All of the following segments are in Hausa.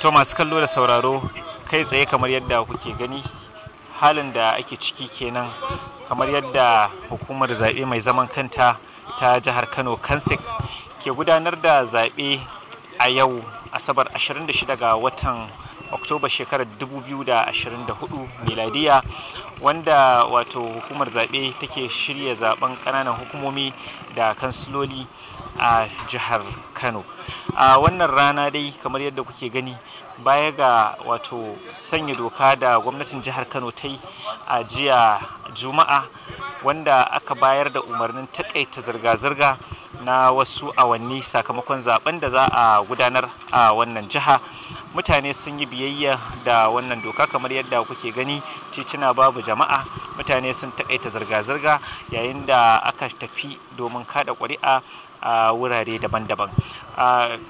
to masu kallo da sauraro kai tsaye kamar yadda kuke gani halin da ake ciki kenan kamar yadda hukumar zaɓe mai zaman kanta ta jihar kano kansik ke gudanar da zaɓe a yau asabar 26 ga watan oktoba shekarar 2024 miladiya wanda wato hukumar zaɓe take shirya zaben ƙananan hukumomi da kansiloli a jihar kano a wannan rana dai kamar yadda kuke gani baya ga wato sanya doka da gwamnatin jihar kano ta yi a jiya juma'a wanda aka bayar da umarnin takaita zirga-zirga na wasu awanni sakamakon zaben da za a gudanar a wannan jiha mutane sun yi biyayya da wannan doka kamar yadda kuke gani tituna babu jama'a mutane sun takaita zirga-zirga yayin da aka tafi domin kada ƙuri'a a wurare daban-daban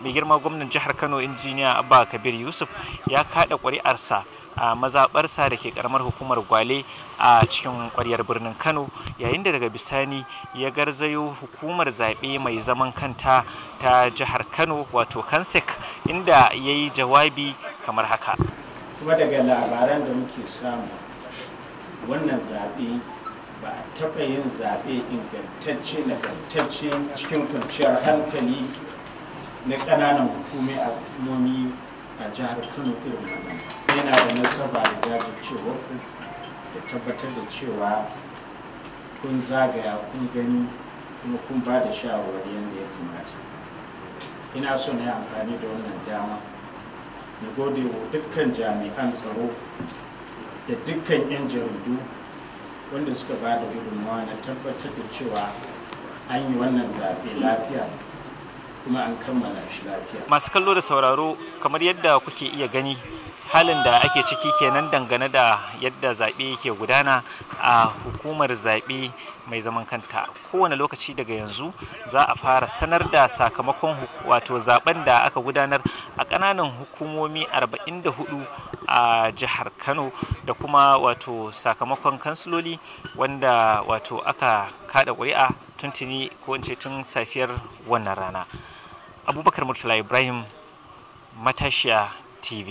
mai girma gwamnan jihar kano injiniya abba kabir yusuf ya kada ƙuri'arsa a mazaɓarsa da ke karamar hukumar gwale a cikin kwaryar birnin kano yayin da daga bisani ya garzayo hukumar zaɓe mai zaman kanta ta jihar kano wato kansek inda ya yi jawabi kamar haka kuma daga labaran da muke samu wannan zaɓe ba a taɓa yin zaɓe ingantacce cikin kwanciyar hankali na ƙananan hukumi a jihar kano irin wannan yana da nasaba da jajircewa da tabbatar da cewa kun zagaya kun gani kuma kun ba da shawarar yadda ya kamata ina so na yi amfani da wannan dama na gode wa dukkan jami'an tsaro da dukkan 'yan jaridu wanda suka ba da gudunmawa na tabbatar da cewa an yi wannan zaɓe lafiya kuma an kammala shi lafiya masu kallo da sauraro kamar yadda kuke iya gani halin da ake ciki kenan dangane da yadda zaɓe ke gudana a hukumar zaɓe mai zaman kanta kowane lokaci daga yanzu za a fara sanar da sakamakon wato zaben da aka gudanar a ƙananan hukumomi 44 a jihar kano da kuma wato sakamakon kansiloli wanda wato aka kada ƙuri'a tuntuni ko in ce tun safiyar wannan rana abubakar murtala ibrahim matashiya tv